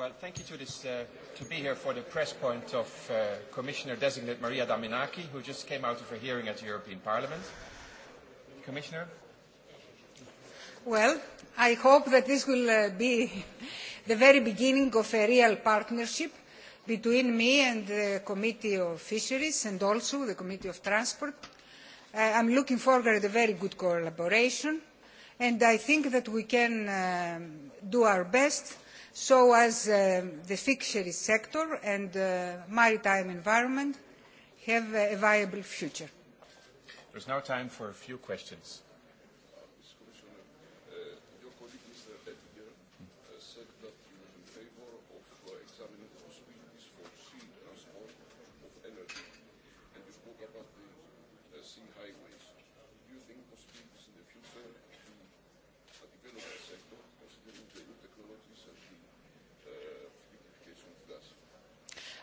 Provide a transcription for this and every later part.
Well, thank you to, this, uh, to be here for the press point of uh, Commissioner-designate Maria Daminaki, who just came out of a hearing at the European Parliament. Commissioner? Well, I hope that this will uh, be the very beginning of a real partnership between me and the Committee of Fisheries and also the Committee of Transport. Uh, I'm looking forward to a very good collaboration, and I think that we can uh, do our best so as um, the fisheries sector and the uh, maritime environment have a viable future. is now time for a few questions.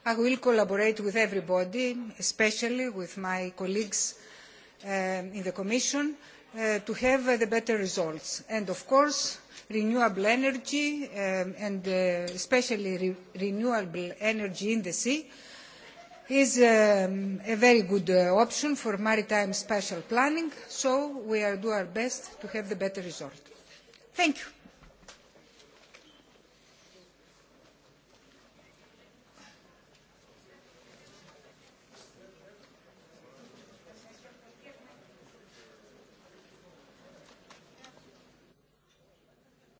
I will collaborate with everybody, especially with my colleagues um, in the Commission, uh, to have uh, the better results. And of course, renewable energy, um, and uh, especially re renewable energy in the sea, is um, a very good uh, option for maritime spatial planning, so we will do our best to have the better result. Thank you.